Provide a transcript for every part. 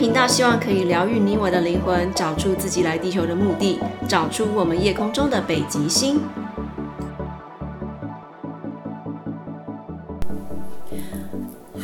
頻道希望可以療癒你我的靈魂，找出自己來地球的目的，找出我們夜空中的北極星。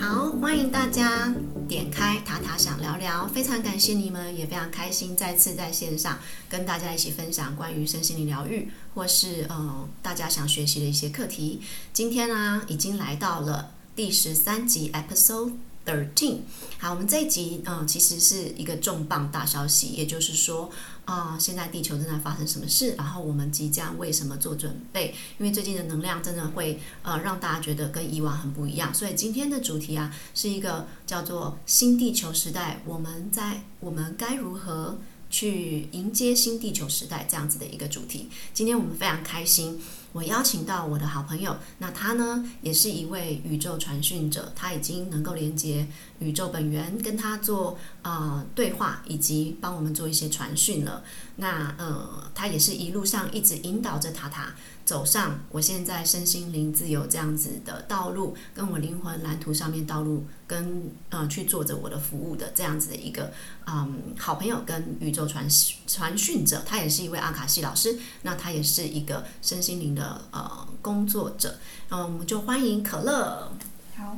好，歡迎大家點開塔塔想聊聊，非常感謝你們，也非常開心再次在線上跟大家一起分享關於身心靈療癒，或是，呃，大家想學習的一些課題。今天呢，啊，已經來到了第十三集 episode。Thirteen，好，我們這一集嗯、呃，其實是一個重磅大消息，也就是說啊、呃，現在地球正在發生什麼事，然後我們即將為什麼做準備？因為最近的能量真的會呃，讓大家覺得跟以往很不一樣，所以今天的主題啊，是一個叫做新地球時代，我們在我們該如何去迎接新地球時代這樣子的一個主題。今天我們非常開心，我邀請到我的好朋友，那他呢，也是一位宇宙傳訊者，他已經能夠連接宇宙本源，跟他做啊、呃、對話，以及幫我們做一些傳訊了。那呃，他也是一路上一直引導着塔塔走上我現在身心靈自由這樣子的道路，跟我靈魂藍圖上面道路跟呃去做着我的服務的這樣子的一個嗯、呃、好朋友跟宇宙傳傳訊者，他也是一位阿卡西老師。那他也是一個身心靈。的呃、嗯，工作者，嗯，我們就歡迎可樂。好，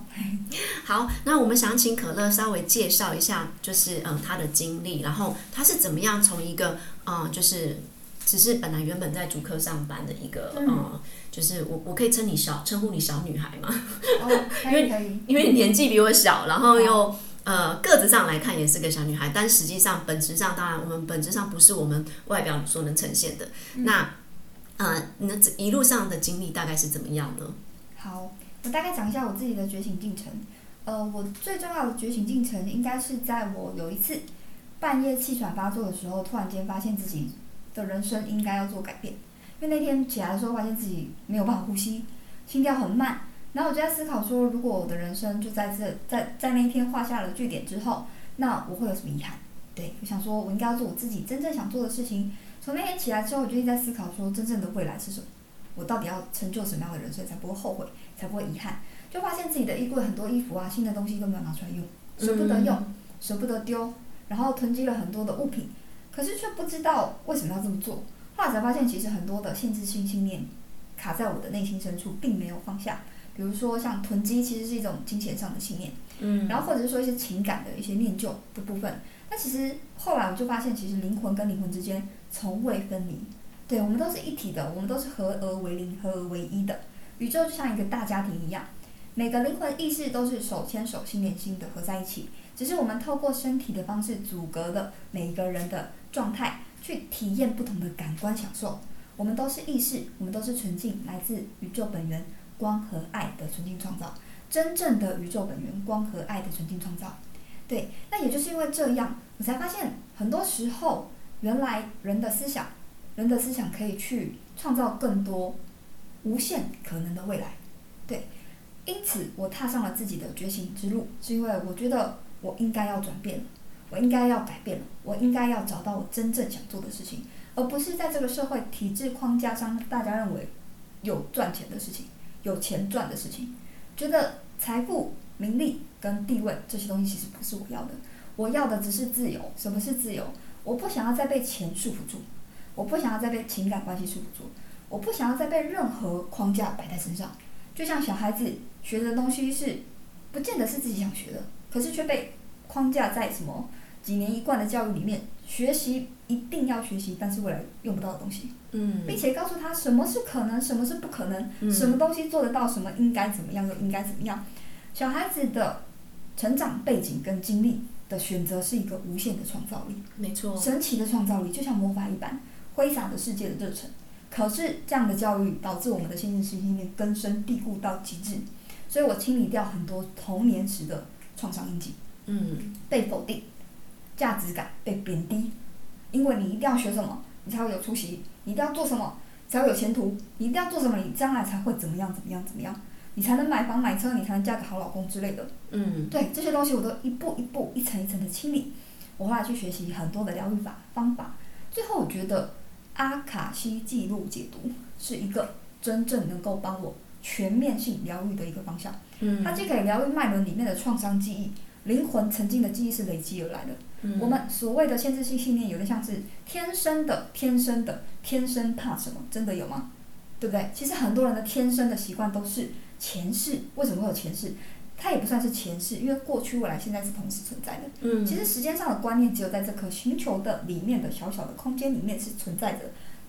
好，那我們想請可樂稍微介紹一下，就是嗯，她的經歷，然後她是怎麼樣從一個嗯，就是只是本來原本在主科上班的一個嗯，嗯，就是我我可以稱你小稱呼你小女孩嘛、哦，因為因為年紀比我小，嗯、然後又呃個子上來看也是個小女孩，但實際上本質上當然我們本質上不是我們外表所能呈現的、嗯、那。呃，uh, 那這一路上的經歷大概是怎麼樣呢？好，我大概講一下我自己的覺醒進程。呃，我最重要的覺醒進程，應該是在我有一次半夜氣喘發作的時候，突然間發現自己的人生應該要做改變。因為那天起來的時候，發現自己沒有辦法呼吸，心跳很慢，然後我就在思考說，如果我的人生就在這在在那一天畫下了句點之後，那我會有什麼遺憾？對，我想說，我應該要做我自己真正想做的事情。從那天起來之後，我就一直在思考說，真正的未來是什麼？我到底要成就什麼樣的人，所以才不會後悔，才不會遺憾？就發現自己的衣櫃很多衣服啊，新的東西都沒有拿出來用，捨不得用，捨不得丟，然後囤積了很多的物品，可是卻不知道為什麼要這麼做。後來才發現，其實很多的限制性信念卡在我的內心深處，並沒有放下。比如說像囤積，其實是一種金錢上的信念，嗯，然後或者說一些情感的一些念舊的部分。那其實後來我就發現，其實靈魂跟靈魂之間。從未分離，對，我們都是一體的，我們都是合而為零、合而為一的。宇宙就像一個大家庭一樣，每個靈魂意識都是手牽手、心連心的合在一起。只是我們透過身體的方式阻隔了每一個人的狀態，去體驗不同的感官享受。我們都是意識，我們都是純淨，來自宇宙本源光和愛的純淨創造，真正的宇宙本源光和愛的純淨創造。對，那也就是因為這樣，我才發現很多時候。原來人的思想，人的思想可以去創造更多無限可能的未來，對。因此，我踏上了自己的覺醒之路，是因為我覺得我應該要轉變了，我應該要改變了，我應該要找到我真正想做的事情，而不是在這個社會體制框架上大家認為有賺錢的事情、有錢賺的事情，覺得財富、名利跟地位這些東西其實不是我要的，我要的只是自由。什麼是自由？我不想要再被錢束縛住，我不想要再被情感關係束縛住，我不想要再被任何框架擺在身上。就像小孩子學的東西是，不見得是自己想學的，可是卻被框架在什麼幾年一貫的教育裡面，學習一定要學習，但是未來用不到的東西。嗯，並且告訴他什麼是可能，什麼是不可能，什麼東西做得到，什麼應該怎麼樣又應該怎麼樣。小孩子的成長背景跟經歷。的選擇是一個無限的創造力，沒錯，神奇的創造力就像魔法一般，揮灑着世界的熱忱。可是這樣的教育導致我們的限制性信念根深蒂固到極致，所以我清理掉很多童年時的創傷印記。嗯，被否定，價值感被貶低，因為你一定要學什麼，你才會有出息，你一定要做什麼，才會有前途，你一定要做什麼，你將來才會怎麼樣？怎麼樣？怎麼樣？你才能買房買車，你才能嫁個好老公之類的。嗯，對，這些東西我都一步一步、一層一層的清理。我後來去學習很多的療癒法方法，最後我覺得阿卡西記錄解讀是一個真正能夠幫我全面性療癒的一個方向。嗯，它既可以療癒脈輪裡面的創傷記憶，靈魂曾經的記憶是累積而來的。嗯，我們所謂的限制性信念，有點像是天生的、天生的、天生怕什麼？真的有嗎？對不對？其實很多人的天生的習慣都是前世。為什麼會有前世？它也不算是前世，因為過去、未來、現在是同時存在的。嗯。其實時間上的觀念只有在這顆星球的裡面的小小的空間裡面是存在着，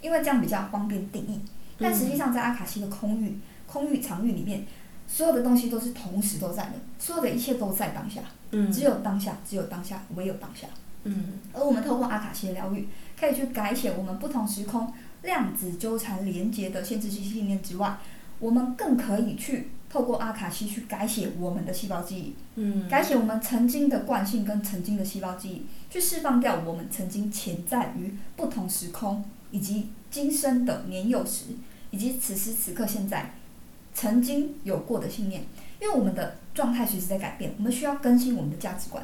因為這樣比較方便定義。但實際上，在阿卡西的空域、空域、場域裡面，所有的東西都是同時都在的，所有的一切都在當下。嗯。只有當下，只有當下，唯有當下。嗯。而我們透過阿卡西的療癒，可以去改寫我們不同時空。量子糾纏連接的限制性信念之外，我們更可以去透過阿卡西去改寫我們的細胞記憶，嗯，改寫我們曾經的慣性跟曾經的細胞記憶，去釋放掉我們曾經潛在於不同時空以及今生的年幼時以及此時此刻現在曾經有過的信念，因為我們的狀態隨時在改變，我們需要更新我們的價值觀。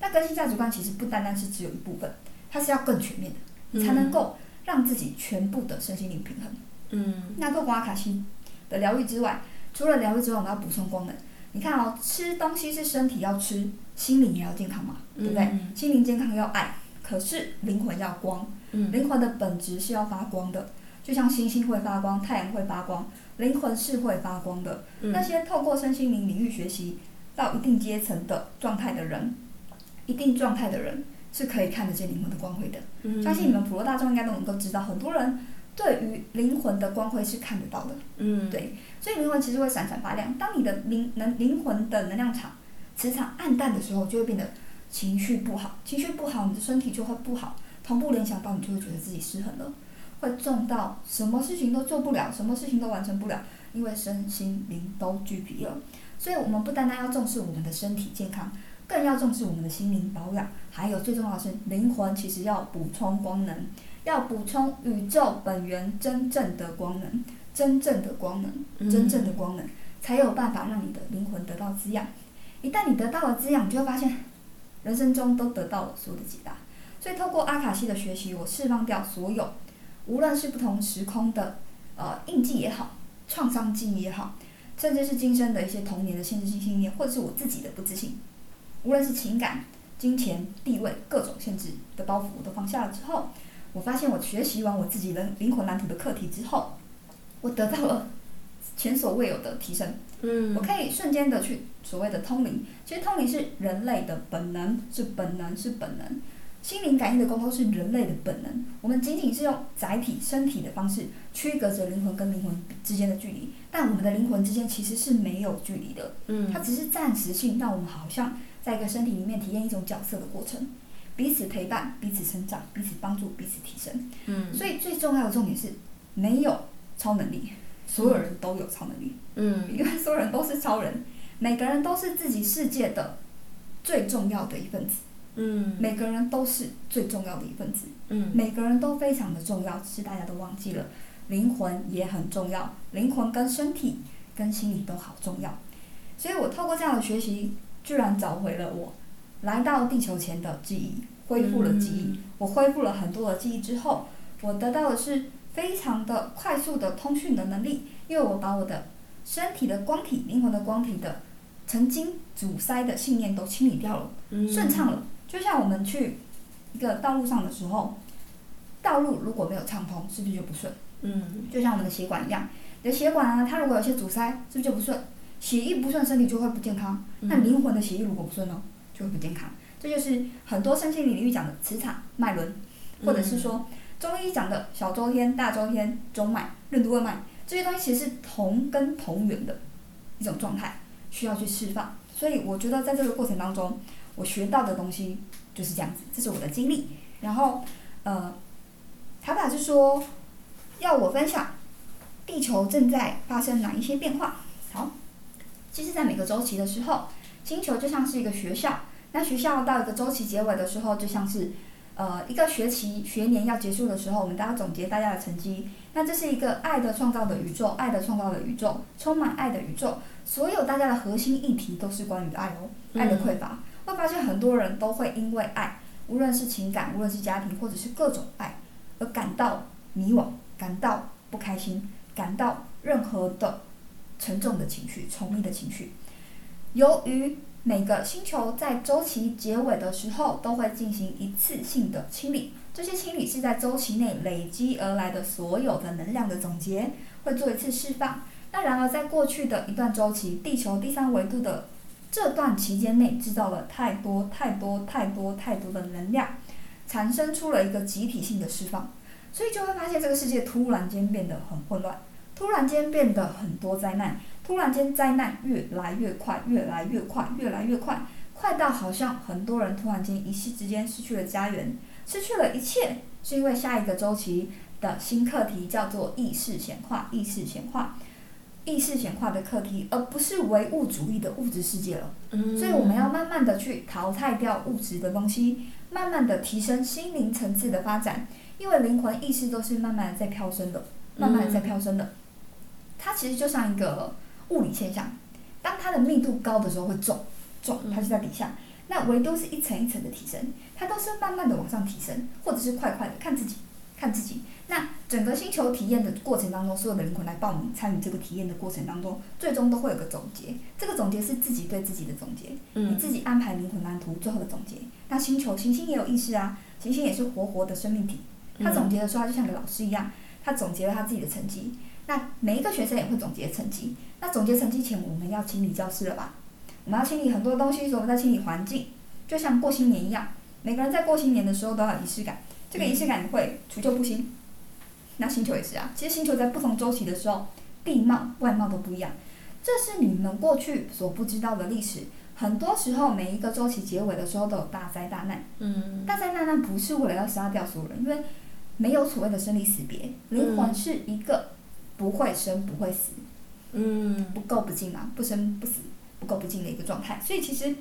那更新價值觀其實不單單是只有一部分，它是要更全面的，嗯，才能夠。讓自己全部的身心靈平衡。嗯，那透過阿卡西的療癒之外，除了療癒之外，我們要補充功能。你看哦，吃東西是身體要吃，心靈也要健康嘛，嗯嗯對不對？心靈健康要愛，可是靈魂要光。靈魂的本質是要發光的，嗯、就像星星會發光，太陽會發光，靈魂是會發光的。嗯、那些透過身心靈領域學習到一定階層的狀態的人，一定狀態的人，是可以看得見靈魂的光輝的，相信你們普羅大眾應該都能夠知道，很多人對於靈魂的光輝是看得到的。嗯，對，所以靈魂其實會閃閃發亮。當你的靈能靈魂的能量場磁場暗淡的時候，就會變得情緒不好，情緒不好，你的身體就會不好，同步聯想到你就會覺得自己失衡了，會重到什麼事情都做不了，什麼事情都完成不了，因為身心靈都俱疲了。所以我們不單單要重視我們的身體健康，更要重視我們的心靈保養，還有最重要的是靈魂，其實要補充光能，要補充宇宙本源真正的光能，真正的光能，真正的光能，mm hmm. 才有辦法讓你的靈魂得到滋養。一旦你得到了滋養，你就會發現人生中都得到了所有的解答。所以透過阿卡西的學習，我釋放掉所有，無論是不同時空的呃印記也好，創傷記憶也好，甚至是今生的一些童年的限制性信念，或者是我自己的不自信。無論是情感、金錢、地位、各種限制的包袱，我都放下了之後，我發現我學習完我自己的靈魂藍圖的課題之後，我得到了前所未有的提升。嗯，我可以瞬間的去所謂的通靈，其實通靈是人類的本能，是本能，是本能。心靈感應的工作是人類的本能，我們僅僅是用載體身體的方式，區隔着靈魂跟靈魂之間的距離，但我們的靈魂之間其實是沒有距離的。嗯，它只是暫時性，讓我們好像。在一個身體裡面體驗一種角色的過程，彼此陪伴，彼此成長，彼此幫助，彼此提升。嗯。所以最重要的重點是，沒有超能力，所有人都有超能力。嗯。因為所有人都是超人，每個人都是自己世界的最重要的一份子。嗯。每個人都是最重要的一份子。嗯。每個人都非常的重要，只是大家都忘記了，嗯、靈魂也很重要，靈魂跟身體跟心理都好重要。所以我透過這樣的學習。居然找回了我，來到地球前的記憶，恢復了記憶。我恢復了很多的記憶之後，我得到的是非常的快速的通訊的能力。因為我把我的身體的光體、靈魂的光體的曾經阻塞的信念都清理掉了，嗯、順暢了。就像我們去一個道路上的時候，道路如果沒有暢通，是不是就不順？嗯，就像我們的血管一樣，你的血管啊，它如果有些阻塞，是不是就不順？血液不順，身體就會不健康。那靈魂的血液如果不順呢，嗯、就會不健康。這就是很多身心領域講的磁場、脈輪，或者是說中醫講的小周天、大周天、中脈、任督二脈，脈這些東西，其實是同根同源的一種狀態，需要去釋放。所以我覺得在這個過程當中，我學到的東西就是這樣子，這是我的經歷。然後，呃，塔塔是說要我分享地球正在發生哪一些變化？好。其實，在每個週期的時候，星球就像是一個學校。那學校到一個週期結尾的時候，就像是，呃，一個學期，學年要結束的時候，我們大家總結大家的成績。那這是一個愛的創造的宇宙，愛的創造的宇宙，充滿愛的宇宙。所有大家的核心議題都是關於愛哦，嗯嗯愛的匱乏。會發現很多人都會因為愛，無論是情感，無論是家庭，或者是各種愛，而感到迷惘，感到不開心，感到任何的。沉重的情緒，重力的情緒。由於每個星球在周期結尾的時候都會進行一次性的清理，這些清理是在周期內累積而來的所有的能量的總結，會做一次釋放。那然而，在過去的一段周期，地球第三維度的這段期間內，制造了太多太多太多太多的能量，產生出了一個集體性的釋放，所以就會發現這個世界突然間變得很混亂。突然間變得很多災難，突然間災難越來越快，越來越快，越來越快，快到好像很多人突然間一夕之間失去了家園，失去了一切，是因為下一個周期的新課題叫做意識顯化，意識顯化，意識顯化的課題，而不是唯物主義的物質世界了。嗯。所以我們要慢慢的去淘汰掉物質的東西，慢慢的提升心靈層次的發展，因為靈魂意識都是慢慢的在飄升的，嗯。慢慢的在飄升的。它其實就像一個物理現象，當它的密度高的時候會重，重，它就在底下。那維度是一層一層的提升，它都是慢慢的往上提升，或者是快快的看自己，看自己。那整個星球體驗的過程當中，所有的靈魂來報名參與這個體驗的過程當中，最終都會有個總結。這個總結是自己對自己的總結，你自己安排靈魂藍圖，最後的總結。那星球行星也有意識啊，行星也是活活的生命體。他總結的時候，他就像個老師一樣，他總結了他自己的成績。那每一個學生也會總結成績。那總結成績前，我們要清理教室了吧？我們要清理很多東西，所以我們在清理環境，就像過新年一樣。每個人在過新年的時候都要儀式感，這個儀式感會除舊布新。嗯、那星球也是啊，其實星球在不同周期的時候，地貌外貌都不一樣。這是你們過去所不知道的歷史。很多時候，每一個周期結尾的時候都有大災大難。嗯，大災大難不是為了要殺掉所有人，因為沒有所謂的生離死別，靈魂是一個。不會生，不會死，嗯，不垢不淨嘛、啊，不生不死，不垢不淨的一個狀態。所以其實，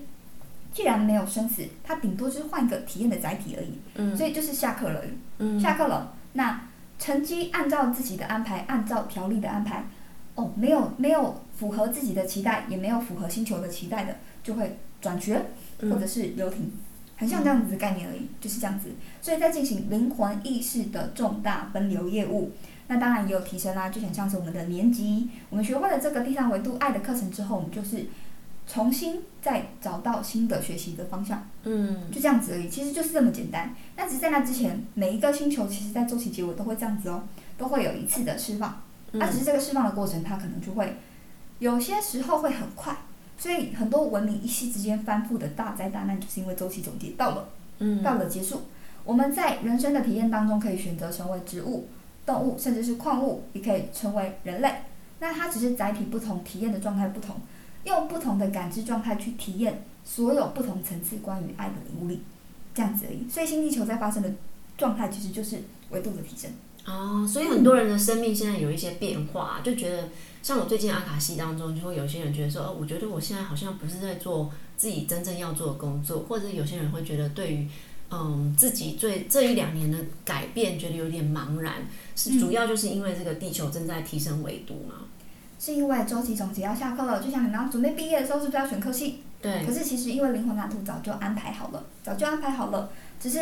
既然沒有生死，它頂多是換一個體驗的載體而已。所以就是下課了而已，嗯、下課了。那成績按照自己的安排，按照條例的安排，哦，沒有沒有符合自己的期待，也沒有符合星球的期待的，就會轉學或者是留停，很像這樣子的概念而已，嗯、就是這樣子。所以在進行靈魂意識的重大分流業務。那當然也有提升啦、啊，就像像是我們的年級，我們學會了這個第三維度愛的課程之後，我們就是重新再找到新的學習的方向，嗯，就這樣子而已，其實就是這麼簡單。那只是在那之前，每一個星球其實，在週期結尾都會這樣子哦，都會有一次的釋放。那只是這個釋放的過程，它可能就會有些時候會很快，所以很多文明一夕之間翻覆的大災大難，就是因為週期總結到了，嗯，到了結束。我們在人生的體驗當中，可以選擇成為植物、動物甚至是礦物也可以成為人類，那它只是載體不同，體驗的狀態不同，用不同的感知狀態去體驗所有不同層次關於愛的領悟力，這樣子而已。所以新地球在發生的狀態其實就是維度的提升。啊。所以很多人的生命現在有一些變化、啊，嗯、就覺得像我最近阿卡西當中，就會有些人覺得說，哦、呃，我覺得我現在好像不是在做自己真正要做的工作，或者有些人會覺得對於。嗯，自己最這一兩年的改變，覺得有點茫然，嗯、是主要就是因為這個地球正在提升維度嘛。是因為週期總結要下課了，就像你們準備畢業的時候是不是要選科系？對，可是其實因為靈魂藍圖早就安排好了，早就安排好了，只是。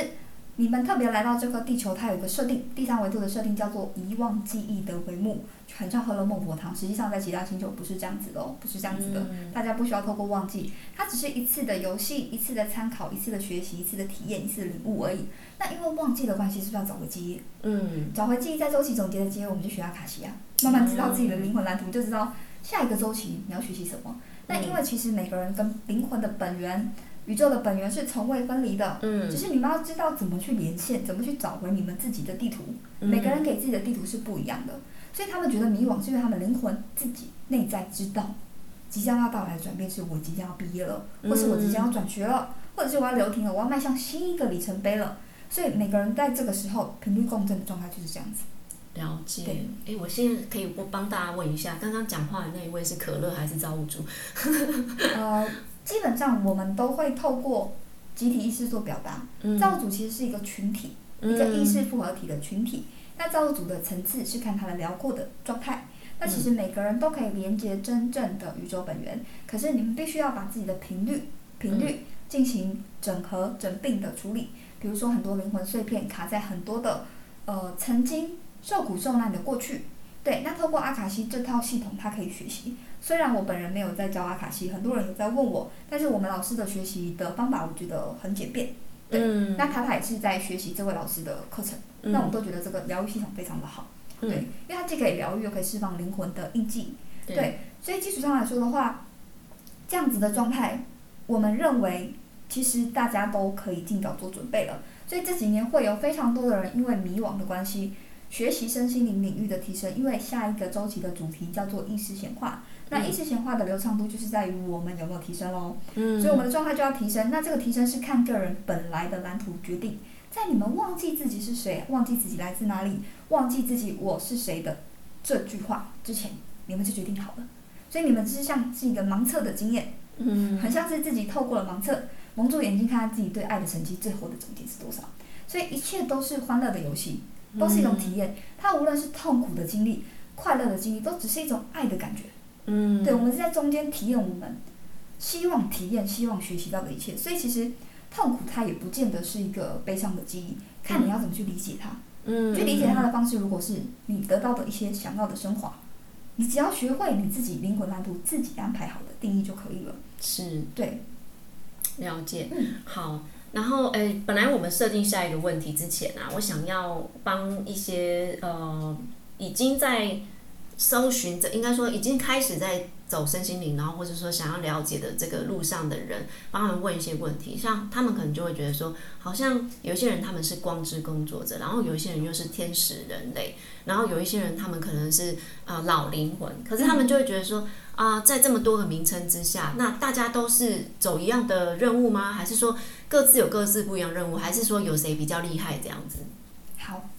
你們特別來到這個地球，它有一個設定，第三維度的設定叫做遺忘記憶的帷幕，好像喝了孟婆湯。實際上，在其他星球不是這樣子的哦，不是這樣子的。嗯、大家不需要透過忘記，它只是一次的遊戲，一次的參考，一次的學習，一次的體驗，一次的領悟而已。那因為忘記的關係，是不是要找回記憶？嗯，找回記憶，在周期總結的階段，我們就學阿卡西亞，慢慢知道自己的靈魂藍圖，就知道下一個周期你要學習什麼。那因為其實每個人跟靈魂的本源。嗯，本源宇宙的本源是從未分離的，嗯、只是你們要知道怎麼去連線，怎麼去找回你們自己的地圖。嗯、每個人給自己的地圖是不一樣的，所以他們覺得迷惘，是因為他們靈魂自己內在知道，即將要到來的轉變是：我即將要畢業了，或是我即將要轉學了，嗯、或者是我要留停了，我要邁向新一個里程碑了。所以每個人在這個時候頻率共振的狀態就是這樣子。了解。誒對、欸，我先可以不幫大家問一下，剛剛講話的那一位是可樂還是造物主？ 呃……基本上我們都會透過集體意識做表達。嗯、造物主其實是一個群體，嗯、一個意識複合體的群體。那造物主的層次是看它的遼闊的狀態。那其實每個人都可以連接真正的宇宙本源，嗯、可是你們必須要把自己的頻率頻率進行整合整併的處理。嗯、比如說很多靈魂碎片卡在很多的呃曾經受苦受難的過去。對，那透過阿卡西這套系統，它可以學習。雖然我本人沒有在教阿卡西，很多人也在問我，但是我們老師的學習的方法我覺得很簡便。對，嗯、那卡塔也是在學習這位老師的課程，嗯、那我們都覺得這個療癒系統非常的好，對，嗯、因為它既可以療癒，又可以釋放靈魂的印記，嗯、對，所以基礎上來說的話，這樣子的狀態，我們認為其實大家都可以盡早做準備了。所以這幾年會有非常多的人因為迷惘的關係，學習身心靈領域的提升，因為下一個週期的主題叫做意識顯化。那一直閒話的流暢度就是在於我們有沒有提升嘍，嗯、所以我們的狀態就要提升。那這個提升是看個人本來的藍圖決定，在你們忘記自己是誰，忘記自己來自哪裡，忘記自己我是誰的這句話之前，你們就決定好了。所以你們只是像是一個盲測的經驗，嗯、很像是自己透過了盲測，蒙住眼睛看看自己對愛的成績最後的總結是多少。所以一切都是歡樂的遊戲，都是一種體驗。嗯、它無論是痛苦的經歷、快樂的經歷，都只是一種愛的感覺。嗯、對，我們是在中間體驗，我們希望體驗、希望學習到的一切，所以其實痛苦它也不見得是一個悲傷的記憶，嗯、看你要怎麼去理解它。嗯，去理解它的方式，如果是你得到的一些想要的升華，你只要學會你自己靈魂藍圖自己安排好的定義就可以了。是，對，了解。嗯，好。然後，哎，本來我們設定下一個問題之前啊，我想要幫一些呃已經在。搜尋着，應該說已經開始在走身心靈，然後或者說想要了解的這個路上的人，幫他們問一些問題。像他們可能就會覺得說，好像有一些人他們是光之工作者，然後有一些人又是天使人類，然後有一些人他們可能是啊、呃、老靈魂。可是他們就會覺得說，啊、mm hmm. 呃，在這麼多個名稱之下，那大家都是走一樣的任務嗎？還是說各自有各自不一樣任務？還是說有誰比較厲害這樣子？好，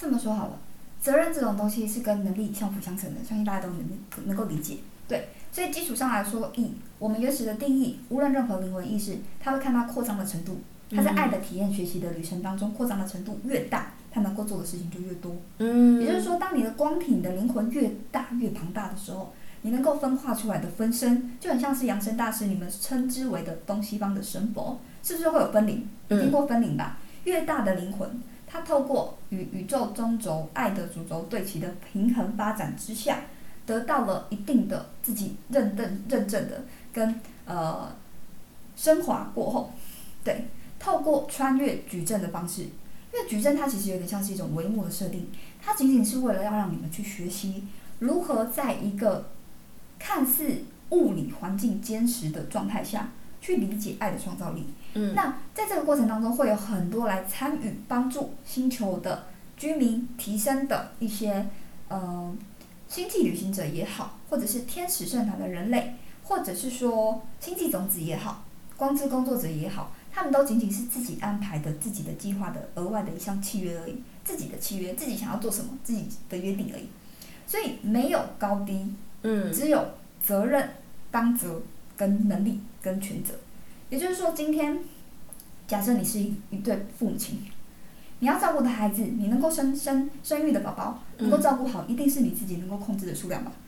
這麼說好了。責任這種東西是跟能力相輔相成的，相信大家都能能夠理解。對，所以基礎上來說，以我們原始的定義，無論任何靈魂意識，他會看它擴張的程度。他在愛的體驗學習的旅程當中，擴張的程度越大，他能夠做的事情就越多。嗯，也就是說，當你的光體、你的靈魂越大越龐大的時候，你能夠分化出來的分身，就很像是揚升大師你們稱之為的東西方的神佛，是不是會有分靈？聽過分靈吧？嗯、越大的靈魂。它透過與宇宙中軸愛的主軸對齊的平衡發展之下，得到了一定的自己認證、認證的跟呃升華過後，對，透過穿越矩陣的方式，因為矩陣它其實有點像是一種帷幕的設定，它僅僅是為了要讓你們去學習如何在一個看似物理環境堅實的狀態下，去理解愛的創造力。嗯、那在這個過程當中，會有很多來參與幫助星球的居民提升的一些，嗯、呃，星際旅行者也好，或者是天使聖堂的人類，或者是說星際種子也好，光之工作者也好，他們都僅僅是自己安排的自己的計劃的額外的一項契約而已，自己的契約，自己想要做什麼，自己的約定而已。所以沒有高低，嗯，只有責任、當責。跟能力跟權責，也就是說，今天假設你是一一對父母親，你要照顧的孩子，你能夠生生生育的寶寶，能夠照顧好，嗯、一定是你自己能夠控制的數量吧？嗯、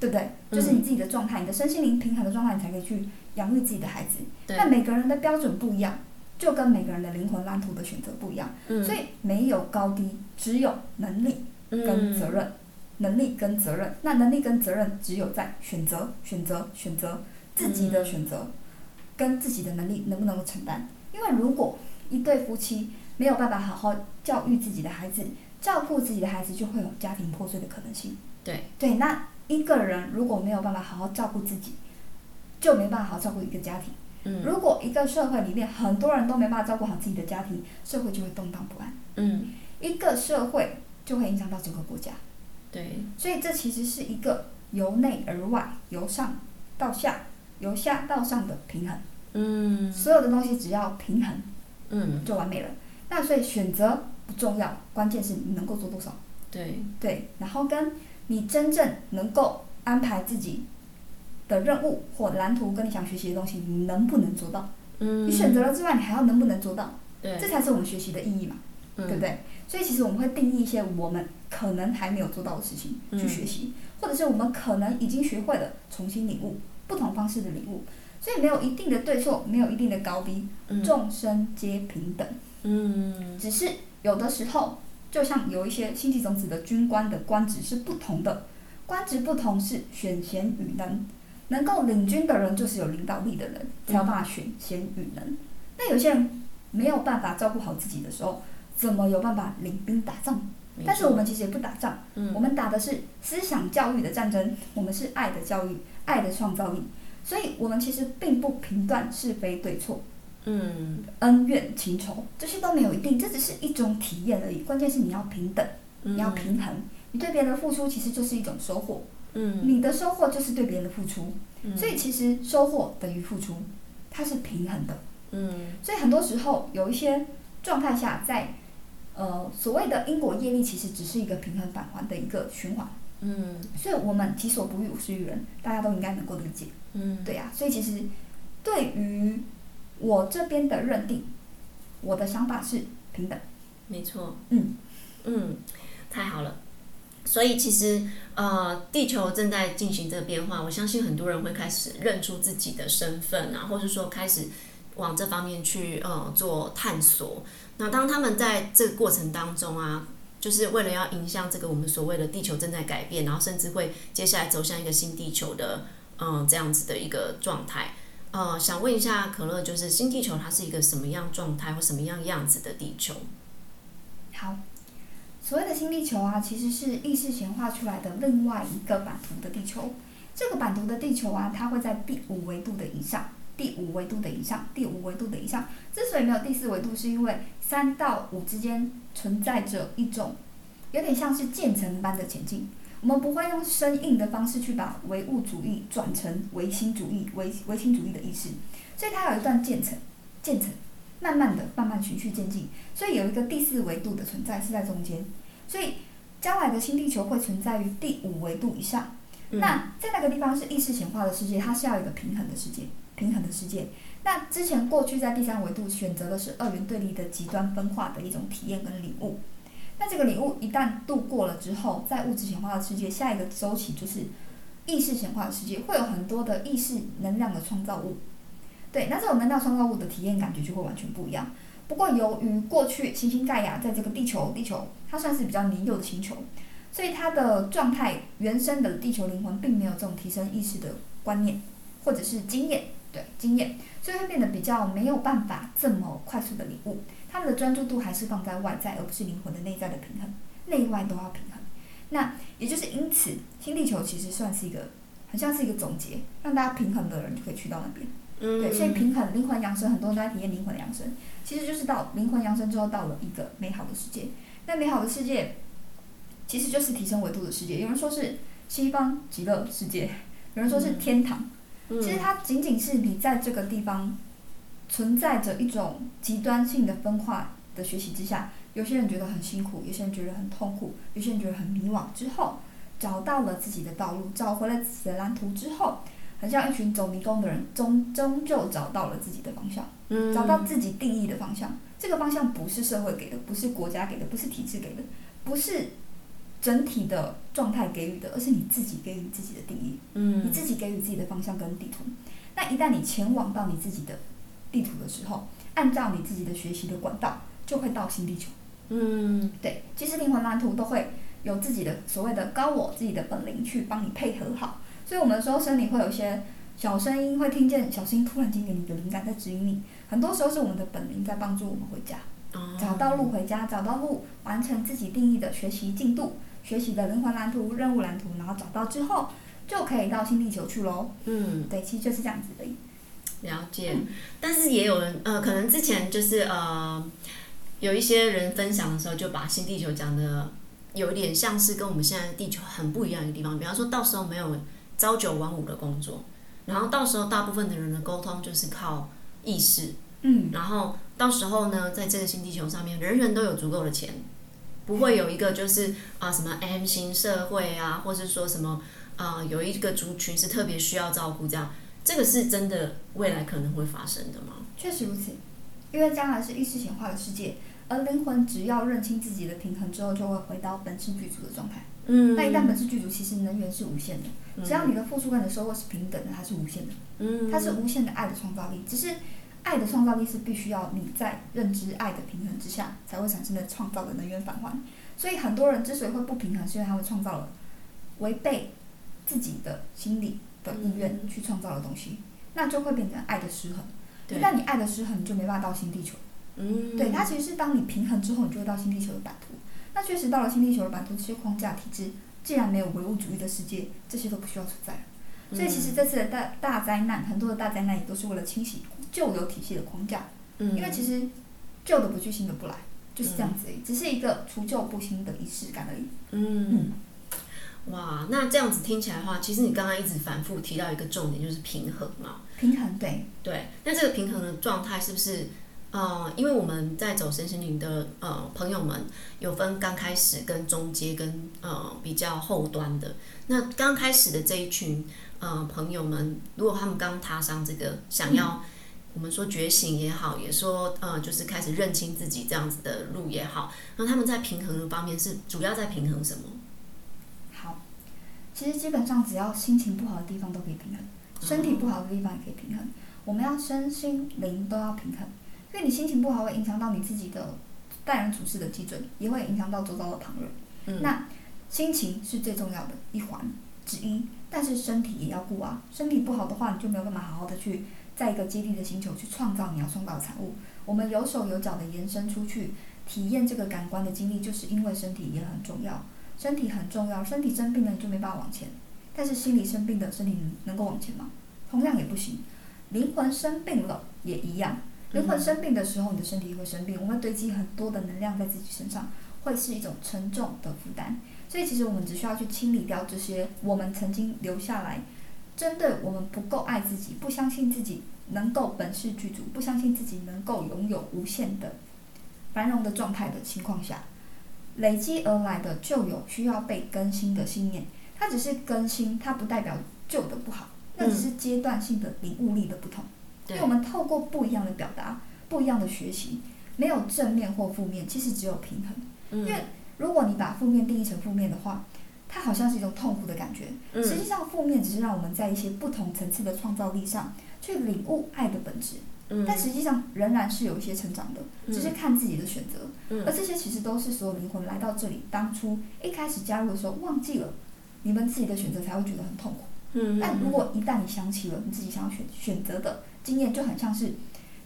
對不對？就是你自己的狀態，你的身心靈平衡的狀態，你才可以去養育自己的孩子。但對每個人的標準不一樣，就跟每個人的靈魂藍圖的選擇不一樣，嗯、所以沒有高低，只有能力跟責任，嗯、能力跟責任。那能力跟責任，只有在選擇，選擇，選擇。選擇自己的選擇，跟自己的能力能不能承擔？因為如果一對夫妻沒有辦法好好教育自己的孩子，照顧自己的孩子，就會有家庭破碎的可能性。對對，那一個人如果沒有辦法好好照顧自己，就沒辦法好好照顧一個家庭。嗯，如果一個社會裡面很多人都沒辦法照顧好自己的家庭，社會就會動盪不安。嗯，一個社會就會影響到整個國家。對，所以這其實是一個由內而外，由上到下。由下到上的平衡，嗯，所有的東西只要平衡，嗯，就完美了。那所以選擇不重要，關鍵是你能夠做多少，對，對。然後跟你真正能夠安排自己的任務或藍圖，跟你想學習的東西，你能不能做到？嗯，你選擇了之外，你還要能不能做到？對，這才是我們學習的意義嘛，嗯，對不對？所以其實我們會定義一些我們可能還沒有做到的事情去學習，嗯，或者是我們可能已經學會了重新領悟。不同方式的領悟，所以沒有一定的對錯，沒有一定的高低，眾生皆平等。嗯，只是有的時候，就像有一些星際種子的軍官的官職是不同的，官職不同是選賢與能，能夠領軍的人就是有領導力的人，才有辦法選賢與能。嗯，那有些人沒有辦法照顧好自己的時候，怎麼有辦法領兵打仗？但是我們其實也不打仗，嗯、我們打的是思想教育的戰爭，我們是愛的教育，愛的創造力，所以我們其實並不評斷是非對錯，嗯、恩怨情仇這些都沒有一定，這只是一種體驗而已。關鍵是你要平等，嗯、你要平衡，你對別人的付出其實就是一種收穫，嗯、你的收穫就是對別人的付出，所以其實收穫等於付出，它是平衡的。嗯、所以很多時候有一些狀態下在。呃，所謂的因果業力其實只是一個平衡返還的一個循環。嗯，所以我們己所不欲，勿施於人，大家都應該能夠理解。嗯，對呀，所以其實對於我這邊的認定，我的想法是平等。沒錯。嗯嗯，太好了。所以其實呃，地球正在進行這個變化，我相信很多人會開始認出自己的身份啊，或是說開始。往這方面去，呃，做探索。那當他們在這個過程當中啊，就是為了要影響這個我們所謂的地球正在改變，然後甚至會接下來走向一個新地球的，嗯、呃，這樣子的一個狀態。呃，想問一下可樂，就是新地球它是一個什麼樣狀態，或什麼樣樣子的地球？好，所謂的新地球啊，其實是意識演化出來的另外一個版圖的地球。這個版圖的地球啊，它會在第五維度的以上。第五維度的影像，第五維度的影像，之所以沒有第四維度，是因為三到五之間存在着一種有點像是漸層般的前進。我們不會用生硬的方式去把唯物主義轉成唯心主義，唯唯心主義的意識，所以它有一段漸層，漸層，慢慢的，慢慢循序漸進。所以有一個第四維度的存在是在中間，所以將來的新地球會存在於第五維度以上。嗯、那在那個地方是意識顯化的世界，它是要有一個平衡的世界，平衡的世界，那之前過去在第三維度選擇的是二元對立的極端分化的一種體驗跟領悟。那這個領悟一旦度過了之後，在物質顯化的世界，下一個週期就是意識顯化的世界，會有很多的意識能量的創造物。對，那這種能量創造物的體驗感覺就會完全不一樣。不過由於過去行星蓋亞在這個地球，地球它算是比較年幼的星球，所以它的狀態，原生的地球靈魂並沒有這種提升意識的觀念或者是經驗。對，經驗，所以會變得比較沒有辦法這麼快速的領悟，他們的專注度還是放在外在，而不是靈魂的內在的平衡，內外都要平衡。那也就是因此，新地球其實算是一個，很像是一個總結，讓大家平衡的人就可以去到那邊。嗯，嗯。對，所以平衡靈魂揚升，很多人都在體驗靈魂揚升，其實就是到靈魂揚升之後到了一個美好的世界，那美好的世界，其實就是提升維度的世界。有人說是西方極樂世界，有人說是天堂。嗯其實它僅僅是你在這個地方存在着一種極端性的分化的學習之下，有些人覺得很辛苦，有些人覺得很痛苦，有些人覺得很迷惘。之後找到了自己的道路，找回了自己的藍圖之後，很像一群走迷宮的人終，終終究找到了自己的方向，找到自己定義的方向。嗯、這個方向不是社會給的，不是國家給的，不是體制給的，不是。整體的狀態給予的，而是你自己給予自己的定義。嗯，你自己給予自己的方向跟地圖。那一旦你前往到你自己的地圖的時候，按照你自己的學習的管道，就會到新地球。嗯，對。其實靈魂藍圖都會有自己的所謂的高我自己的本靈去幫你配合好。所以，我們說身體會有一些小聲音，會聽見小聲音突然間給你的靈感在指引你。很多時候是我們的本靈在幫助我們回家，嗯、找到路回家，找到路完成自己定義的學習進度。學習的人環藍圖、任務藍圖，然後找到之後，就可以到新地球去嘍。嗯，對，其實就是這樣子的。了解。但是也有人，呃，可能之前就是呃，有一些人分享的時候，就把新地球講的有點像是跟我們現在地球很不一樣的地方。比方說到時候沒有朝九晚五的工作，然後到時候大部分的人的溝通就是靠意識。嗯。然後到時候呢，在這個新地球上面，人人都有足夠的錢。不會有一個就是啊什麼 M 型社會啊，或者說什麼啊，有一個族群是特別需要照顧這樣，這個是真的未來可能會發生的嗎？確實如此，因為將來是意識顯化的世界，而靈魂只要認清自己的平衡之後，就會回到本自俱足的狀態。嗯，那一旦本自俱足，其實能源是無限的，只要你的付出跟你的收穫是平等的，它是無限的，嗯，它是無限的愛的創造力，只是。愛的創造力是必須要你在認知愛的平衡之下才會產生的創造的能源返還。所以很多人之所以會不平衡，是因為他們創造了違背自己的心理的意願去創造的東西，嗯、那就會變成愛的失衡。對一旦你愛的失衡，你就沒辦法到新地球。嗯，對，它其實是當你平衡之後，你就會到新地球的版圖。那確實到了新地球的版圖，這些框架體制，既然沒有唯物主義的世界，這些都不需要存在。嗯、所以其實這次的大大災難，很多的大災難也都是為了清洗舊有體系的框架，嗯，因為其實舊的不去，新的不來，嗯、就是這樣子，只是一個除舊佈新的儀式感而已。嗯，嗯哇，那這樣子聽起來的話，其實你剛剛一直反覆提到一個重點，就是平衡嘛？平衡，對，對。那這個平衡的狀態是不是？嗯、呃，因為我們在走身心靈的呃朋友們，有分剛開始跟中階跟呃比較後端的。那剛開始的這一群呃朋友們，如果他們剛踏上這個想要、嗯我們說覺醒也好，也說呃，就是開始認清自己這樣子的路也好。那他們在平衡的方面是主要在平衡什麼？好，其實基本上只要心情不好的地方都可以平衡，身體不好的地方也可以平衡。嗯。我們要身心靈都要平衡，因為你心情不好會影響到你自己的待人處事的基準，也會影響到周遭的旁人。嗯。那心情是最重要的一環之一，但是身體也要顧啊。身體不好的話，你就沒有辦法好好的去。在一個基地的星球去創造你要創造的產物，我們有手有腳的延伸出去體驗這個感官的經歷，就是因為身體也很重要，身體很重要，身體生病了你就沒辦法往前，但是心理生病的身體能夠往前嗎？同樣也不行，靈魂生病了也一樣，靈魂生病的時候你的身體會生病，我們堆積很多的能量在自己身上，會是一種沉重的負擔，所以其實我們只需要去清理掉這些我們曾經留下來。針對我們不夠愛自己、不相信自己能夠本自俱足、不相信自己能夠擁有無限的繁榮的狀態的情況下，累積而來的就有需要被更新的信念。它只是更新，它不代表舊的不好，那只是階段性的、嗯、領悟力的不同。對因為我們透過不一樣的表達、不一樣的學習，沒有正面或負面，其實只有平衡。嗯、因為如果你把負面定義成負面的話。它好像是一種痛苦的感覺，實際上負面只是讓我們在一些不同層次的創造力上去領悟愛的本質，但實際上仍然是有一些成長的，只是看自己的選擇。而這些其實都是所有靈魂來到這裡當初一開始加入的時候忘記了，你們自己的選擇才會覺得很痛苦。但如果一旦你想起了你自己想要選選擇的經驗，就很像是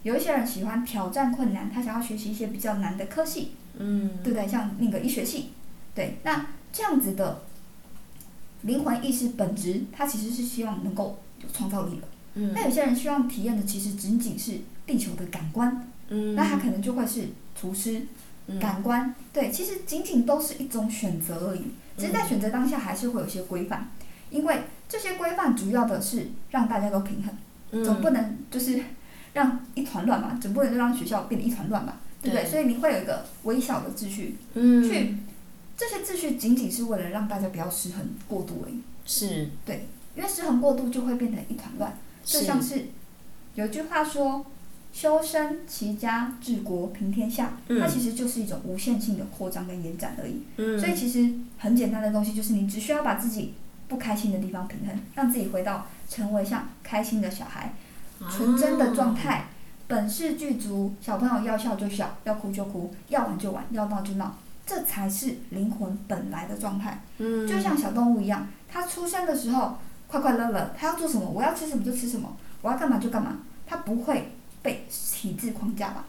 有一些人喜歡挑戰困難，他想要學習一些比較難的科系，嗯，對不對？像那個醫學系，對，那這樣子的。靈魂意識本質，它其實是希望能夠有創造力的。嗯、那有些人希望體驗的，其實僅僅是地球的感官。嗯、那他可能就會是廚師。嗯、感官，對，其實僅僅都是一種選擇而已。嗯、其實在選擇當下，還是會有一些規範，因為這些規範主要的是讓大家都平衡。嗯、總不能就是讓一團亂嘛，總不能就讓學校變得一團亂嘛，對不對？對，所以你會有一個微小的秩序。嗯、去。這些秩序僅僅是為了讓大家不要失衡過度而已。是。對，因為失衡過度就會變成一團亂。就像是，是有句話說：“修身齊家治國平天下”，它、嗯、其實就是一種無限性的擴張跟延展而已。嗯、所以其實很簡單的東西，就是你只需要把自己不開心的地方平衡，讓自己回到成為像開心的小孩，純真的狀態，啊、本自俱足。小朋友要笑就笑，要哭就哭，要玩就玩，要鬧就鬧。這才是靈魂本來的狀態，嗯，就像小動物一樣，它出生的時候快快樂樂。它要做什麼，我要吃什麼就吃什麼，我要幹嘛就幹嘛。它不會被體制框架吧？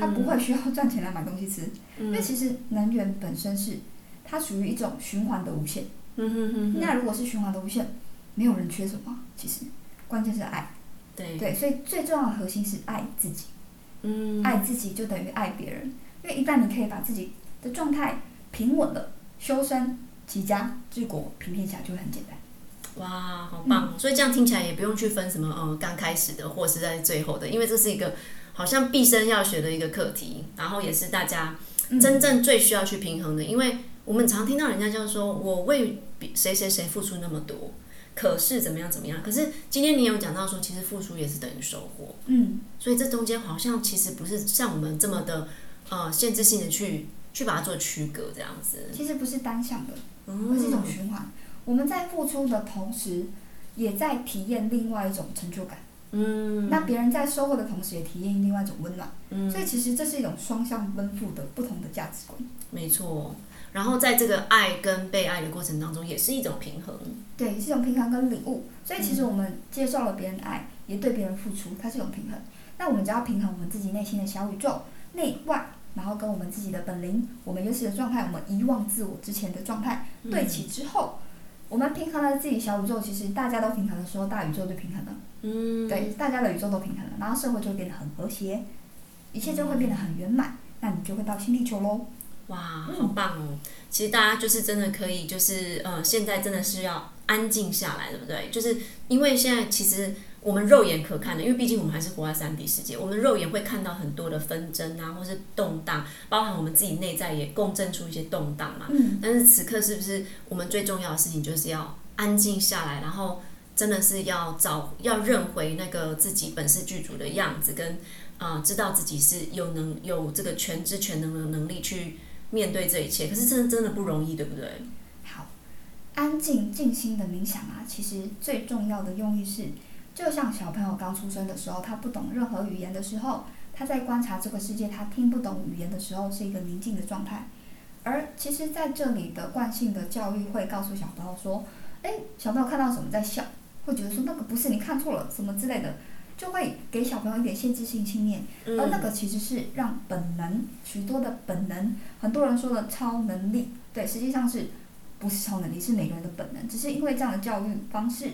它不會需要賺錢來買東西吃，因為其實能源本身是它屬於一種循環的無限。嗯，那如果是循環的無限，沒有人缺什麼。其實關鍵是愛，對對，所以最重要的核心是愛自己。嗯，愛自己就等於愛別人，因為一旦你可以把自己。的狀態平穩了，修身齊家治國平天下就會很簡單。哇，好棒！嗯、所以這樣聽起來也不用去分什麼呃剛、嗯、開始的或是在最後的，因為這是一個好像畢生要學的一個課題，然後也是大家真正最需要去平衡的。嗯、因為我們常聽到人家就是說我為誰誰誰付出那麼多，可是怎麼樣怎麼樣，可是今天你有講到說其實付出也是等於收穫，嗯，所以這中間好像其實不是像我們這麼的呃限制性的去。去把它做區隔，這樣子其實不是單向的，嗯，而是一種循環。我們在付出的同時，也在體驗另外一種成就感。嗯，那別人在收穫的同時，也體驗另外一種溫暖。嗯，所以其實這是一種雙向奔赴的不同的價值觀。沒錯，然後在這個愛跟被愛的過程當中，也是一種平衡。對，是一種平衡跟領悟。所以其實我們接受了別人的愛，嗯，也對別人付出，它是一種平衡。那我們只要平衡我們自己內心的小宇宙，內外。然後跟我們自己的本靈、我們優勢的狀態、我們遺忘自我之前的狀態對齊之後，嗯、我們平衡了自己小宇宙。其實大家都平衡的時候，大宇宙就平衡了。嗯，對，大家的宇宙都平衡了，然後社會就會變得很和諧，一切就會變得很圓滿。嗯、那你就會到新地球嘍。哇，很棒哦！嗯、其實大家就是真的可以，就是嗯、呃，現在真的是要安靜下來，對不對？就是因為現在其實。我們肉眼可看的，因為畢竟我們還是活在三 D 世界，我們肉眼會看到很多的紛爭啊，或是動盪，包含我們自己內在也共振出一些動盪嘛。嗯。但是此刻是不是我們最重要的事情，就是要安靜下來，然後真的是要找要認回那個自己本自俱足的樣子，跟啊、呃，知道自己是有能有這個全知全能的能力去面對這一切。可是真的真的不容易，對不對？好，安靜靜心的冥想啊，其實最重要的用意是。就像小朋友剛出生的時候，他不懂任何語言的時候，他在觀察這個世界，他聽不懂語言的時候，是一個寧靜的狀態。而其實，在這裡的慣性的教育會告訴小朋友說：“誒，小朋友看到什麼在笑，會覺得說那個不是，你看錯了什麼之類的，就會給小朋友一點限制性信念。嗯。而那個其實是讓本能，許多的本能，很多人說的超能力，對，實際上是，不是超能力，是每個人的本能，只是因為這樣的教育方式。”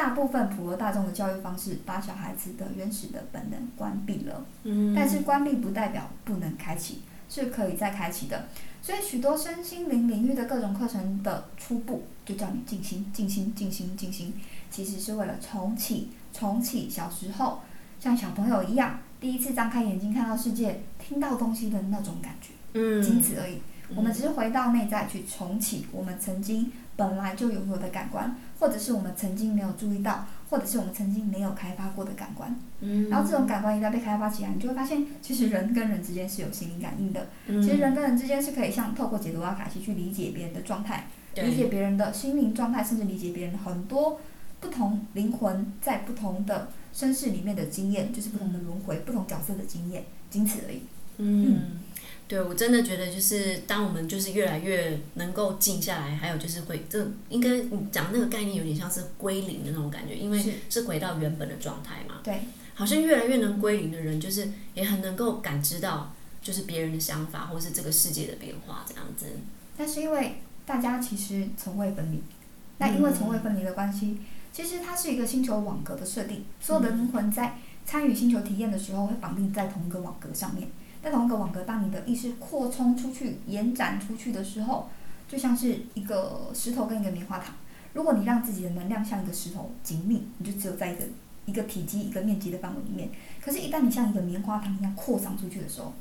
大部分普羅大眾的教育方式，把小孩子的原始的本能關閉了。嗯，但是關閉不代表不能開啟，是可以再開啟的。所以，許多身心靈領域的各種課程的初步，就叫你靜心、靜心、靜心、靜心、靜心，其實是為了重啟、重啟小時候像小朋友一樣，第一次張開眼睛看到世界、聽到東西的那種感覺。嗯，僅此而已。嗯我們只是回到內在去重啟我們曾經本來就擁有的感官，或者是我們曾經沒有注意到，或者是我們曾經沒有開發過的感官。嗯、然後這種感官一旦被開發起來，你就會發現，其實人跟人之間是有心靈感應的。嗯、其實人跟人之間是可以像透過解讀阿卡西去理解別人的狀態，對理解別人的心靈狀態，甚至理解別人的很多不同靈魂在不同的身世裡面的經驗，就是不同的輪回、嗯、不同角色的經驗，僅此而已。嗯。嗯對，我真的覺得就是當我們就是越來越能夠靜下來，還有就是會這應該你講的那個概念有點像是歸零的那種感覺，因為是回到原本的狀態嘛。對是，好像越來越能歸零的人，就是也很能夠感知到就是別人的想法或是這個世界的變化這樣子。但是因為大家其實從未分離，那因為從未分離的關係，其實它是一個星球網格的設定，所有的靈魂在參與星球體驗的時候會綁定在同一個網格上面。在同一個網格，當你的意識擴充出去、延展出去的時候，就像是一個石頭跟一個棉花糖。如果你讓自己的能量像一個石頭緊密，你就只有在一個一個體積、一個面積的範圍裡面。可是，一旦你像一個棉花糖一樣擴張出去的時候，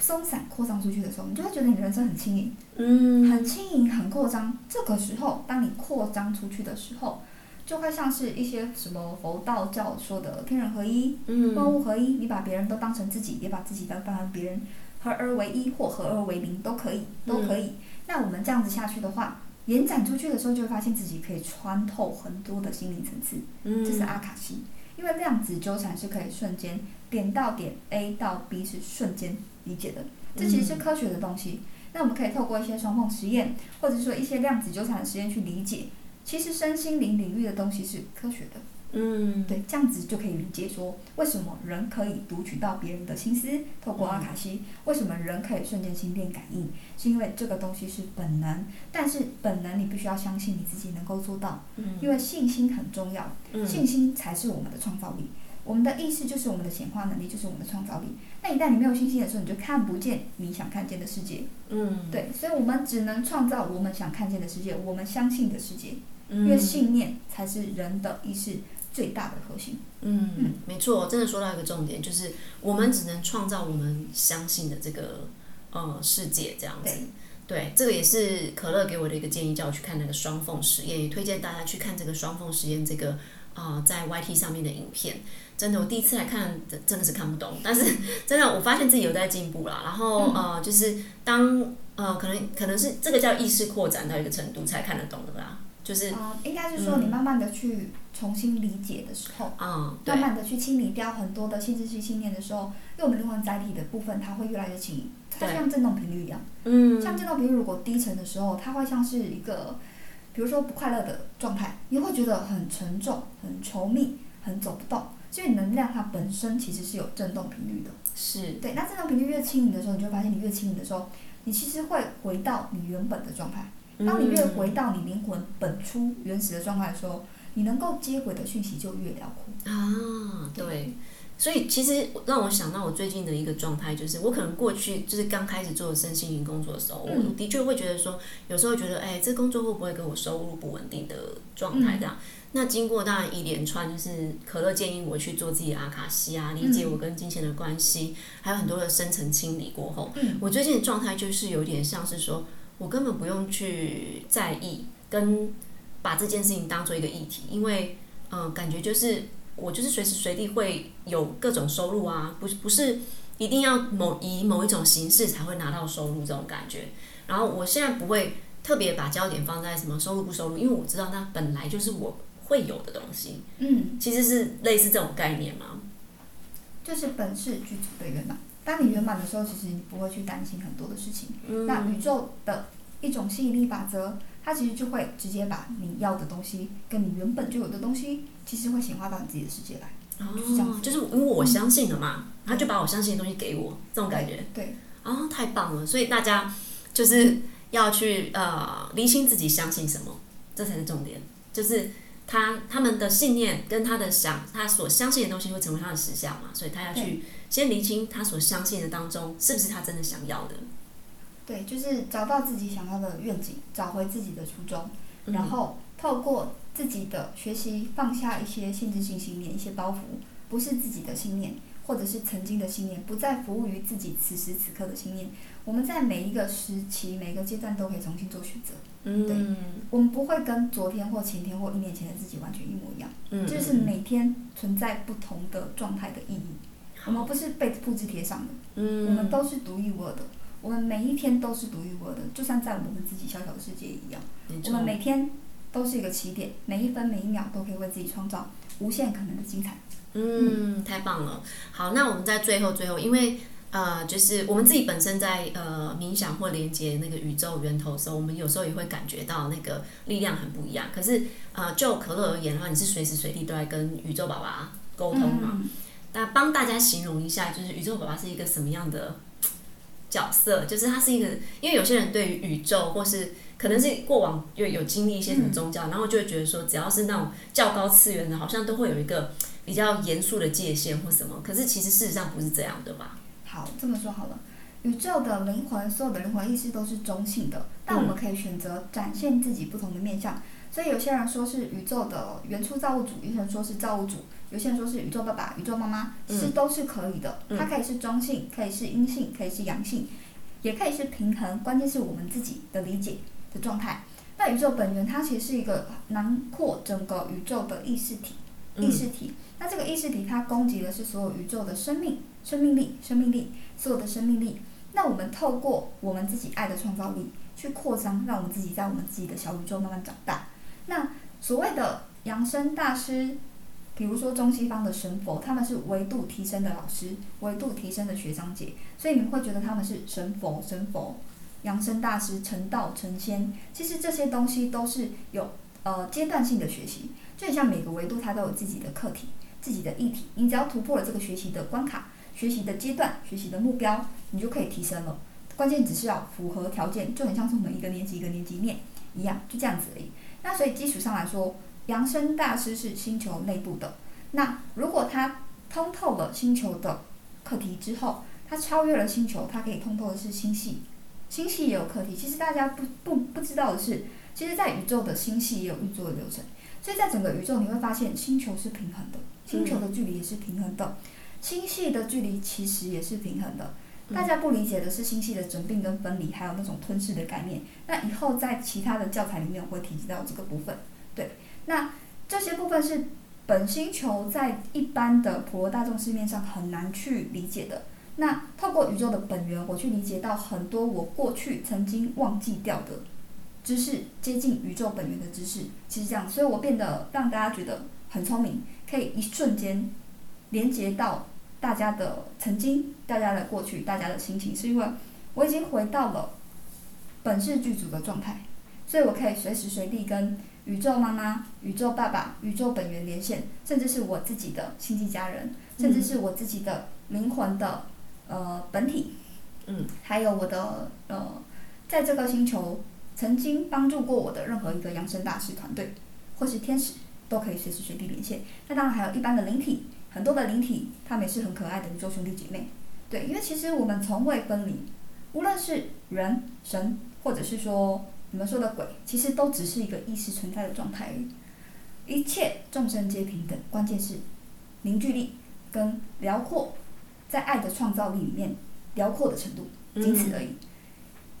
鬆散擴張出去的時候，你就會覺得你的人生很輕盈，嗯，很輕盈，很擴張。這個時候，當你擴張出去的時候。就會像是一些什麼佛道教說的天人合一、萬、嗯、物，物合一，你把別人都當成自己，也把自己當當成別人，合而為一或合而為零都可以，都可以。嗯、那我們這樣子下去的話，延展出去的時候，就會發現自己可以穿透很多的心靈層次。嗯、這是阿卡西，因為量子糾纏是可以瞬間點到點，A 到 B 是瞬間理解的，這其實是科學的東西。嗯、那我們可以透過一些雙縫實驗，或者說一些量子糾纏的實驗去理解。其實，身心靈領域的東西是科學的。嗯，對，這樣子就可以理解說，為什麼人可以讀取到別人的心思，透過阿卡西，嗯、為什麼人可以瞬間心電感應，是因為這個東西是本能。但是本能，你必須要相信你自己能夠做到，嗯、因為信心很重要，嗯、信心才是我們的創造力。我們的意識就是我們的顯化能力，就是我們的創造力。那一旦你沒有信心的時候，你就看不見你想看見的世界。嗯，對，所以我們只能創造我們想看見的世界，我們相信的世界。因為信念才是人的意識最大的核心。嗯，嗯沒錯，我真的說到一個重點，就是我們只能創造我們相信的這個呃世界，這樣子。對，對，這個也是可樂給我的一個建議，叫我去看那個雙縫實驗，也推薦大家去看這個雙縫實驗這個啊、呃，在 Y T 上面的影片。真的，我第一次來看，真的是看不懂。但是真的，我發現自己有在進步啦。然後、嗯、呃，就是當呃，可能可能是這個叫意識擴展到一個程度，才看得懂的啦。啊，就是 uh, 應該是說你慢慢的去重新理解的時候，嗯嗯、慢慢的去清理掉很多的限制性信念的時候，因為我們靈魂載體的部分，它會越來越輕盈，對它就像振動頻率一樣。嗯，像振動頻率如果低沉的時候，它會像是一個，比如說不快樂的狀態，你會覺得很沉重、很稠密、很走不動。所以能量它本身其實是有振動頻率的。是對，那振動頻率越輕盈的時候，你就會發現你越輕盈的時候，你其實會回到你原本的狀態。當你越回到你靈魂本初原始的狀態的時候，你能夠接回的訊息就越遼闊啊！對，所以其實讓我想到我最近的一個狀態，就是我可能過去就是剛開始做身心靈工作的時候，我的確會覺得說，有時候覺得哎、欸，這工作會不會給我收入不穩定的狀態？這樣。嗯、那經過當然一連串就是可樂建議我去做自己的阿卡西啊，理解我跟金錢的關係，嗯、還有很多的深層清理過後，嗯，我最近的狀態就是有點像是說。我根本不用去在意跟把這件事情當做一個議題，因為嗯、呃，感覺就是我就是隨時隨地會有各種收入啊，不是不是一定要某以某一種形式才會拿到收入這種感覺。然後我現在不會特別把焦點放在什麼收入不收入，因為我知道那本來就是我會有的東西。嗯，其實是類似這種概念嘛、啊。就是本自俱足的熱鬧。當你圓滿的時候，其實你不會去擔心很多的事情。嗯、那宇宙的一種吸引力法則，它其實就會直接把你要的東西跟你原本就有的東西，其實會顯化到你自己的世界來。哦，就這樣就是因為我相信了嘛，嗯、他就把我相信的東西給我，嗯、這種感覺。對，啊、哦，太棒了！所以大家就是要去對呃，釐清自己相信什麼，這才是重點。就是。他他們的信念跟他的想，他所相信的東西會成為他的實相嘛？所以，他要去先釐清他所相信的當中，是不是他真的想要的？對，就是找到自己想要的願景，找回自己的初衷，嗯、然後透過自己的學習，放下一些限制性信念、一些包袱，不是自己的信念。或者是曾經的信念，不再服務於自己此時此刻的信念。我們在每一個時期、每一個階段都可以重新做選擇。嗯，對，我們不會跟昨天或前天或一年前的自己完全一模一樣。嗯，就是每天存在不同的狀態的意義。好我們不是被複製貼上的。嗯，我們都是獨一無二的。我們每一天都是獨一無二的，就像在我們自己小小的世界一樣。我們每天都是一個起點，每一分每一秒都可以為自己創造無限可能的精彩。嗯，太棒了。好，那我們在最後最後，因為呃，就是我們自己本身在呃冥想或連接那個宇宙源頭的時候，我們有時候也會感覺到那個力量很不一樣。可是啊、呃，就可樂而言的話，你是隨時隨地都在跟宇宙爸爸溝通嘛？那幫、嗯、大家形容一下，就是宇宙爸爸是一個什麼樣的角色？就是他是一個，因為有些人對於宇宙或是可能是過往又有經歷一些什麼宗教，嗯、然後就會覺得說，只要是那種較高次元的，好像都會有一個。比較嚴肅的界限或什麼，可是其實事實上不是這樣的吧？好，這麼說好了，宇宙的靈魂，所有的靈魂意識都是中性的，嗯、但我們可以選擇展現自己不同的面相。所以有些人說是宇宙的原初造物主，有些人說是造物主，有些人說是宇宙爸爸、宇宙媽媽，其實都是可以的。它，嗯嗯、可以是中性，可以是陰性，可以是陽性，也可以是平衡。關鍵是我們自己的理解的狀態。那宇宙本源它其實是一個囊括整個宇宙的意識體，意識體。那這個意識體它攻擊的是所有宇宙的生命、生命力、生命力、所有的生命力。那我們透過我們自己愛的創造力去擴張，讓我們自己在我們自己的小宇宙慢慢長大。那所謂的揚升大師，比如說中西方的神佛，他們是維度提升的老師，維度提升的學長姐，所以你會覺得他們是神佛、神佛、揚升大師、成道成仙。其實這些東西都是有呃階段性的學習，就很像每個維度它都有自己的課題自己的議題，你只要突破了這個學習的關卡、學習的階段、學習的目標，你就可以提升了。關鍵只是要、啊、符合條件，就很像是我們一個年級一個年級念一樣，就這樣子而已。那所以基礎上來說，揚升大師是星球內部的。那如果他通透了星球的課題之後，他超越了星球，它可以通透的是星系。星系也有課題，其實大家不不不知道的是，其實在宇宙的星系也有運作的流程。所以在整個宇宙你會發現，星球是平衡的。星球的距離也是平衡的，星系的距離其實也是平衡的。大家不理解的是星系的整併跟分離，還有那種吞噬的概念。那以後在其他的教材裡面我會提及到這個部分。對，那這些部分是本星球在一般的普羅大眾市面上很難去理解的。那透過宇宙的本源，我去理解到很多我過去曾經忘記掉的知識，接近宇宙本源的知識。其實這樣，所以我變得讓大家覺得很聰明。那一瞬間連接到大家的曾經、大家的過去、大家的心情，是因為我已經回到了本自俱足的狀態，所以我可以隨時隨地跟宇宙媽媽、宇宙爸爸、宇宙本源連線，甚至是我自己的親戚家人，嗯、甚至是我自己的靈魂的呃本體，嗯，還有我的呃，在這個星球曾經幫助過我的任何一個揚升大師團隊或是天使，都可以隨時隨地連線。那當然，還有一般的靈體，很多的靈體，他們也是很可愛的宇宙兄弟姐妹。對，因為其實我們從未分離，無論是人、神，或者是說你們說的鬼，其實都只是一個意識存在的狀態而已。一切眾生皆平等，關鍵是凝聚力跟遼闊，在愛的創造力裡面，遼闊的程度僅此而已。嗯。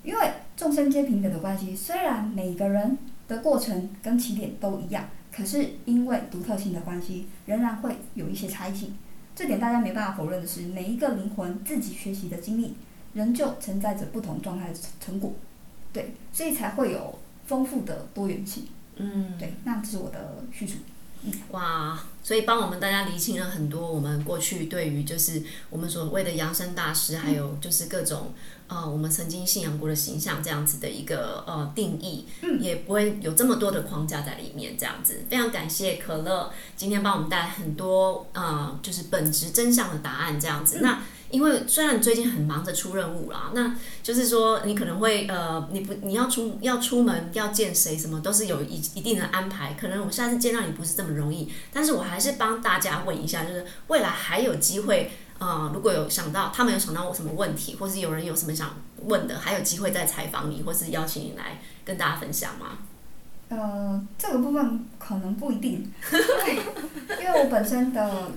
因為眾生皆平等的關係，雖然每個人的過程跟起點都一樣。可是因為獨特性的關係，仍然會有一些差異性。這點大家沒辦法否認的是，每一個靈魂自己學習的經歷，仍舊承載着不同狀態的成果。對，所以才會有豐富的多元性、嗯。嗯，對，那這是我的敘述。嗯，哇，所以幫我們大家理清了很多我們過去對於就是我們所謂的揚升大師，嗯、還有就是各種。啊、呃，我們曾經信仰過的形象這樣子的一個呃定義，嗯，也不會有這麼多的框架在裡面這樣子。非常感謝可樂今天幫我們帶來很多啊、呃，就是本質真相的答案這樣子。嗯、那因為雖然你最近很忙着出任務啦，那就是說你可能會呃，你不你要出要出門要見誰什麼都是有一一定的安排。可能我下次見到你不是這麼容易，但是我還是幫大家問一下，就是未來還有機會，啊、呃，如果有想到他們有想到我什麼問題，或是有人有什麼想問的，還有機會再採訪你，或是邀請你來跟大家分享嗎？呃，這個部分可能不一定， 因為我本身的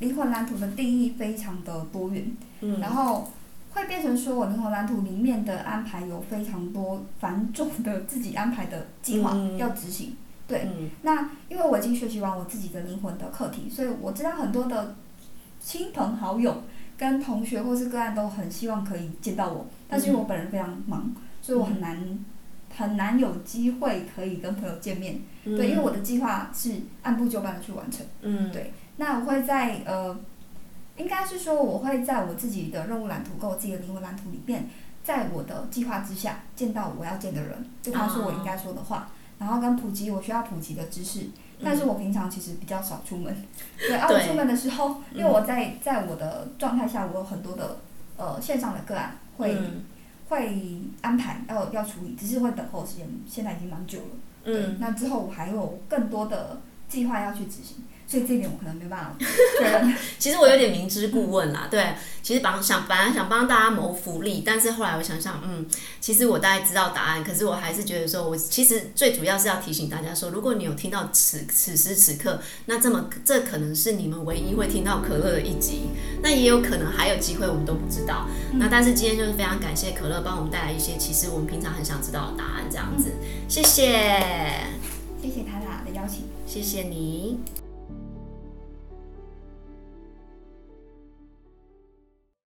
靈魂藍圖的定義非常的多元，嗯，然後會變成說我靈魂藍圖裡面的安排有非常多繁重的自己安排的計劃要執行，嗯、對，嗯、那因為我已經學習完我自己的靈魂的課題，所以我知道很多的。親朋好友、跟同學或是個案都很希望可以見到我，但是因為我本人非常忙，嗯、所以我很難、嗯、很難有機會可以跟朋友見面。嗯、對，因為我的計劃是按部就班的去完成。嗯，對。那我會在呃，應該是說我會在我自己的任務藍圖跟我自己的靈魂藍圖裡面，在我的計劃之下見到我要見的人，就他說我應該說的話，啊哦、然後跟普及我需要普及的知識。但是我平常其實比較少出門，對，啊我出門的時候，對因為我在在我的狀態下，我有很多的呃線上的個案會、嗯、會安排要要處理，只是會等候時間，現在已經蠻久了，嗯，那之後我還有更多的計劃要去執行。所以這這點我可能沒辦法。其實我有點明知故問啦，對，其實幫想反而想幫大家謀福利，但是後來我想想，嗯，其實我大概知道答案，可是我還是覺得說我，我其實最主要是要提醒大家說，如果你有聽到此此時此刻，那這麼這可能是你們唯一會聽到可樂的一集，那也有可能還有機會，我們都不知道。那但是今天就是非常感謝可樂幫我們帶來一些，其實我們平常很想知道的答案這樣子，謝謝，謝謝塔塔的邀請，謝謝你。